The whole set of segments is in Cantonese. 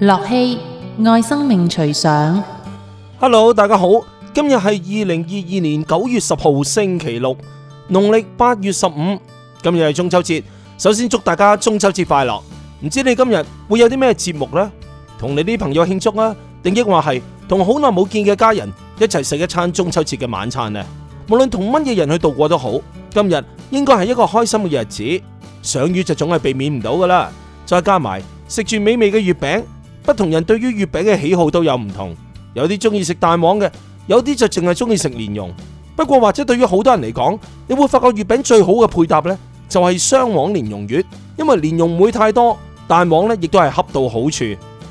樂器愛生命隨想，Hello，大家好，今日係二零二二年九月十號星期六，農曆八月十五，今日係中秋節。首先祝大家中秋節快樂。唔知你今日會有啲咩節目呢？同你啲朋友慶祝啊，定抑或係同好耐冇見嘅家人一齊食一餐中秋節嘅晚餐呢？無論同乜嘢人去度過都好，今日應該係一個開心嘅日子，賞月就總係避免唔到噶啦。再加埋食住美味嘅月餅。不同人對於月餅嘅喜好都有唔同，有啲中意食蛋黃嘅，有啲就淨係中意食蓮蓉。不過或者對於好多人嚟講，你會發覺月餅最好嘅配搭呢，就係雙黃蓮蓉月，因為蓮蓉唔會太多，蛋黃呢亦都係恰到好處。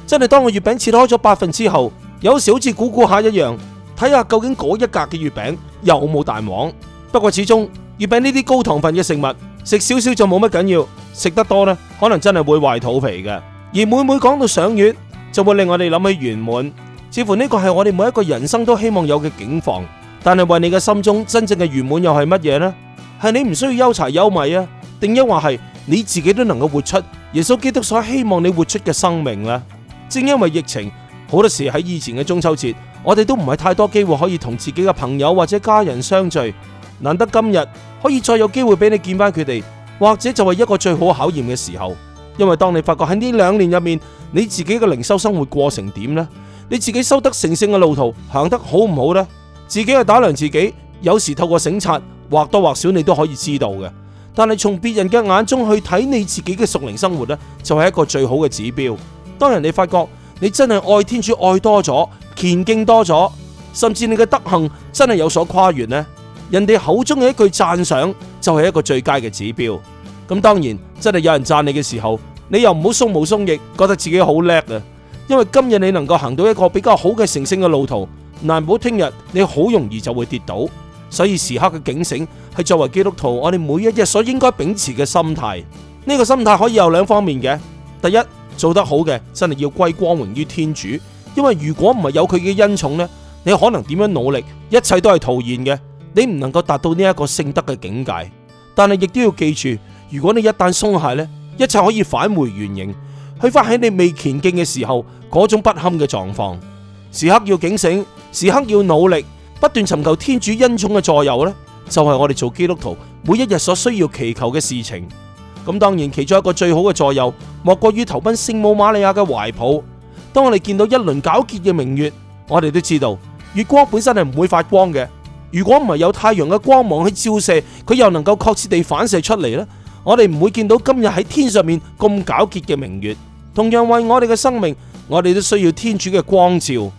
真係當個月餅切開咗八份之後，有少少似估估下一樣，睇下究竟嗰一格嘅月餅有冇蛋黃。不過始終月餅呢啲高糖分嘅食物，食少少就冇乜緊要，食得多呢，可能真係會壞肚皮嘅。而每每講到賞月。就會令我哋諗起圓滿，似乎呢個係我哋每一個人生都希望有嘅境況。但係為你嘅心中真正嘅圓滿又係乜嘢呢？係你唔需要憂柴憂米啊，定抑或係你自己都能夠活出耶穌基督所希望你活出嘅生命呢？正因為疫情，好多時喺以前嘅中秋節，我哋都唔係太多機會可以同自己嘅朋友或者家人相聚。難得今日可以再有機會俾你見翻佢哋，或者就係一個最好考驗嘅時候。因為當你發覺喺呢兩年入面，你自己嘅靈修生活過成點呢？你自己修得成聖嘅路途行得好唔好呢？自己去打量自己，有時透過省察，或多或少你都可以知道嘅。但係從別人嘅眼中去睇你自己嘅屬靈生活呢，就係一個最好嘅指標。當人哋發覺你真係愛天主愛多咗，虔敬多咗，甚至你嘅德行真係有所跨越呢，人哋口中嘅一句讚賞就係一個最佳嘅指標。咁當然，真係有人讚你嘅時候，你又唔好鬆毛鬆翼，覺得自己好叻啊！因為今日你能夠行到一個比較好嘅成聖嘅路途，難保聽日你好容易就會跌倒。所以時刻嘅警醒係作為基督徒，我哋每一日所應該秉持嘅心態。呢個心態可以有兩方面嘅：第一，做得好嘅真係要歸光榮於天主，因為如果唔係有佢嘅恩寵呢，你可能點樣努力，一切都係徒然嘅，你唔能夠達到呢一個聖德嘅境界。但係亦都要記住，如果你一旦鬆懈呢，一切可以返回原形，去返喺你未前進嘅時候嗰種不堪嘅狀況。時刻要警醒，時刻要努力，不斷尋求天主恩寵嘅助佑呢就係、是、我哋做基督徒每一日所需要祈求嘅事情。咁當然，其中一個最好嘅助佑，莫過於投奔聖母瑪利亞嘅懷抱。當我哋見到一輪皎潔嘅明月，我哋都知道月光本身係唔會發光嘅。如果唔係有太陽嘅光芒去照射，佢又能夠確切地反射出嚟咧。我哋唔會見到今日喺天上面咁皎潔嘅明月，同樣為我哋嘅生命，我哋都需要天主嘅光照。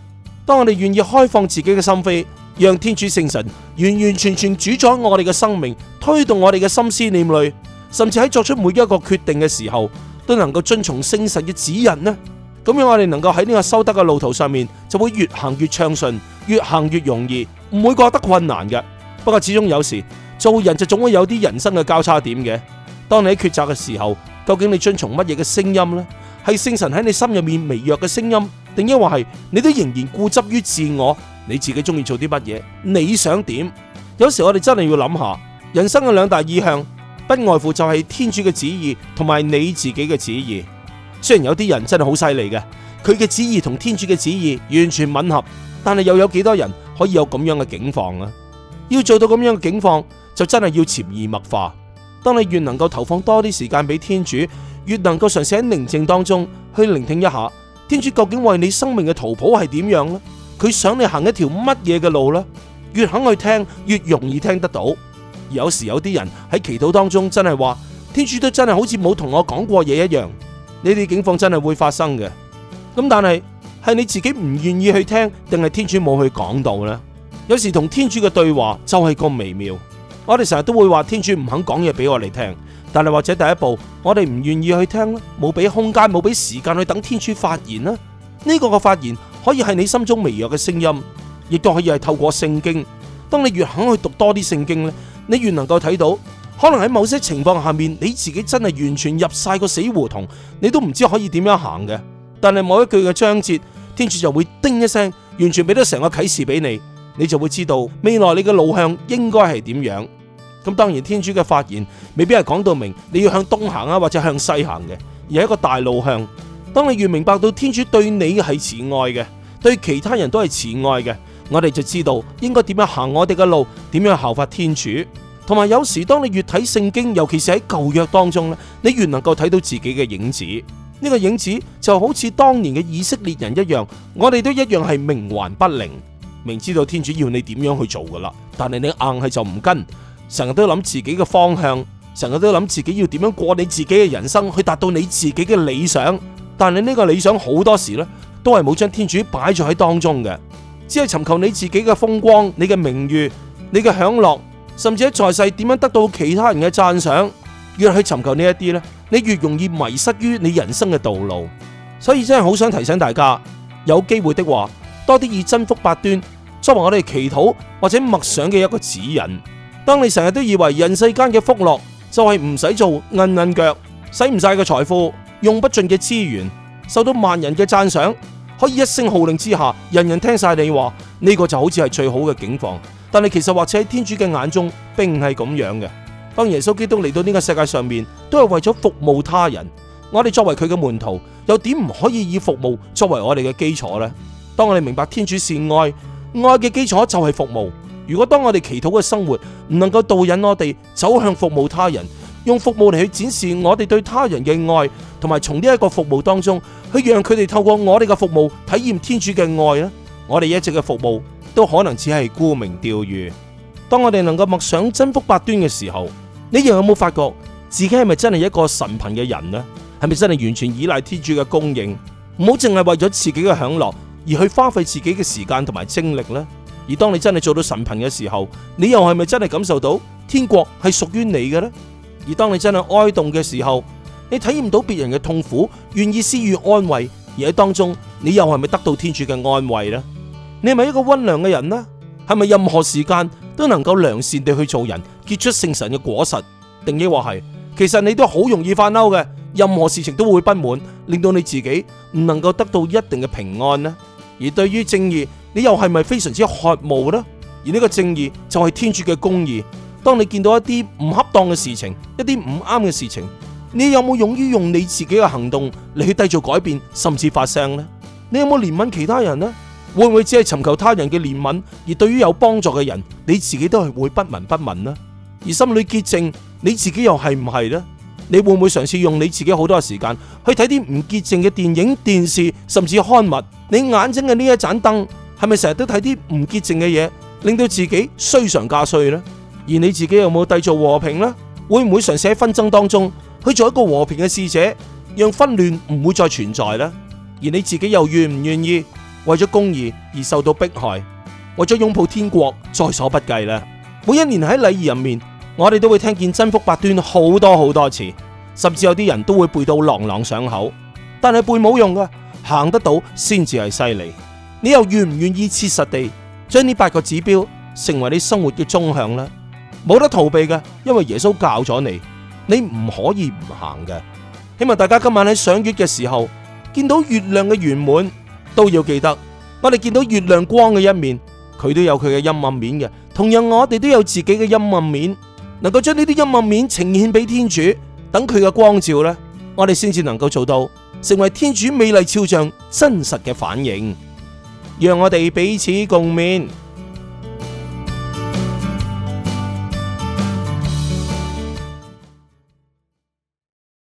當我哋願意開放自己嘅心扉，讓天主聖神完完全全主宰我哋嘅生命，推動我哋嘅心思念慮，甚至喺作出每一個決定嘅時候都能夠遵從聖神嘅指引呢。咁樣我哋能夠喺呢個修德嘅路途上面就會越行越暢順，越行越容易，唔會覺得困難嘅。不過始終有時做人就總會有啲人生嘅交叉點嘅。當你喺抉擇嘅時候，究竟你遵從乜嘢嘅聲音呢？係聖神喺你心入面微弱嘅聲音，定抑或係你都仍然固執於自我？你自己中意做啲乜嘢？你想點？有時我哋真係要諗下，人生嘅兩大意向，不外乎就係天主嘅旨意同埋你自己嘅旨意。雖然有啲人真係好犀利嘅，佢嘅旨意同天主嘅旨意完全吻合，但係又有幾多人可以有咁樣嘅境況啊？要做到咁樣嘅境況，就真係要潛移默化。當你越能夠投放多啲時間俾天主，越能夠嘗試喺寧靜當中去聆聽一下天主究竟為你生命嘅圖譜係點樣咧？佢想你行一條乜嘢嘅路呢？越肯去聽，越容易聽得到。而有時有啲人喺祈禱當中真係話天主都真係好似冇同我講過嘢一樣，呢啲情況真係會發生嘅。咁但係係你自己唔願意去聽，定係天主冇去講到呢？有時同天主嘅對話就係咁微妙。我哋成日都會話天主唔肯講嘢俾我哋聽，但係或者第一步我哋唔願意去聽啦，冇俾空間，冇俾時間去等天主發言啦。呢個嘅發言可以係你心中微弱嘅聲音，亦都可以係透過聖經。當你越肯去讀多啲聖經咧，你越能夠睇到，可能喺某些情況下面你自己真係完全入晒個死胡同，你都唔知可以點樣行嘅。但係某一句嘅章節，天主就會叮一聲，完全俾咗成個啟示俾你，你就會知道未來你嘅路向應該係點樣。咁當然，天主嘅發言未必係講到明，你要向東行啊，或者向西行嘅，而係一個大路向。當你越明白到天主對你係慈愛嘅，對其他人都係慈愛嘅，我哋就知道應該點樣行我哋嘅路，點樣效法天主。同埋，有時當你越睇聖經，尤其是喺舊約當中咧，你越能夠睇到自己嘅影子。呢個影子就好似當年嘅以色列人一樣，我哋都一樣係冥頑不靈，明知道天主要你點樣去做噶啦，但係你硬係就唔跟。成日都諗自己嘅方向，成日都諗自己要點樣過你自己嘅人生，去達到你自己嘅理想。但係呢個理想好多時咧，都係冇將天主擺在喺當中嘅，只係尋求你自己嘅風光、你嘅名譽、你嘅享樂，甚至在，在世點樣得到其他人嘅讚賞。越去尋求呢一啲咧，你越容易迷失於你人生嘅道路。所以真係好想提醒大家，有機會的話，多啲以真福八端作為我哋祈禱或者默想嘅一個指引。當你成日都以為人世間嘅福樂就係唔使做韌韌腳，硬硬腳，使唔晒嘅財富，用不盡嘅資源，受到萬人嘅讚賞，可以一聲號令之下，人人聽晒你話，呢、呢個就好似係最好嘅境況。但係其實或者喺天主嘅眼中，並唔係咁樣嘅。當耶穌基督嚟到呢個世界上面，都係為咗服務他人。我哋作為佢嘅門徒，又點唔可以以服務作為我哋嘅基礎呢？當我哋明白天主善愛，愛嘅基礎就係服務。如果當我哋祈禱嘅生活唔能夠導引我哋走向服務他人，用服務嚟去展示我哋對他人嘅愛，同埋從呢一個服務當中去讓佢哋透過我哋嘅服務體驗天主嘅愛呢，我哋一直嘅服務都可能只係沽名釣譽。當我哋能夠默想真福八端嘅時候，你又有冇發覺自己係咪真係一個神貧嘅人呢？係咪真係完全依賴天主嘅供應？唔好淨係為咗自己嘅享樂而去花費自己嘅時間同埋精力呢？而當你真係做到神貧嘅時候，你又係咪真係感受到天國係屬於你嘅呢？而當你真係哀慟嘅時候，你體驗到別人嘅痛苦，願意施予安慰，而喺當中你又係咪得到天主嘅安慰呢？你係咪一個溫良嘅人呢？係咪任何時間都能夠良善地去做人，結出聖神嘅果實？定抑或係其實你都好容易發嬲嘅，任何事情都會不滿，令到你自己唔能夠得到一定嘅平安呢？而對於正義，你又係咪非常之渴慕呢？而呢個正義就係天主嘅公義。當你見到一啲唔恰當嘅事情，一啲唔啱嘅事情，你有冇勇於用你自己嘅行動嚟去製造改變，甚至發聲呢？你有冇憐憫其他人呢？會唔會只係尋求他人嘅憐憫，而對於有幫助嘅人，你自己都係會不聞不問呢？而心裏潔淨，你自己又係唔係呢？你會唔會嘗試用你自己好多嘅時間去睇啲唔潔淨嘅電影、電視，甚至刊物？你眼睛嘅呢一盞燈？係咪成日都睇啲唔潔淨嘅嘢，令到自己衰上加衰呢？而你自己有冇締造和平呢？會唔會嘗試喺紛爭當中去做一個和平嘅使者，讓紛亂唔會再存在呢？而你自己又願唔願意為咗公義而受到迫害，為咗擁抱天國，在所不計呢？每一年喺禮儀入面，我哋都會聽見真福八端好多好多次，甚至有啲人都會背到朗朗上口。但係背冇用㗎，行得到先至係犀利。你又願唔願意切實地將呢八個指標成為你生活嘅中向呢？冇得逃避嘅，因為耶穌教咗你，你唔可以唔行嘅。希望大家今晚喺賞月嘅時候見到月亮嘅圓滿，都要記得我哋見到月亮光嘅一面，佢都有佢嘅陰暗面嘅。同樣我哋都有自己嘅陰暗面，能夠將呢啲陰暗面呈現俾天主，等佢嘅光照呢，我哋先至能夠做到成為天主美麗肖像真實嘅反映。讓我哋彼此共勉。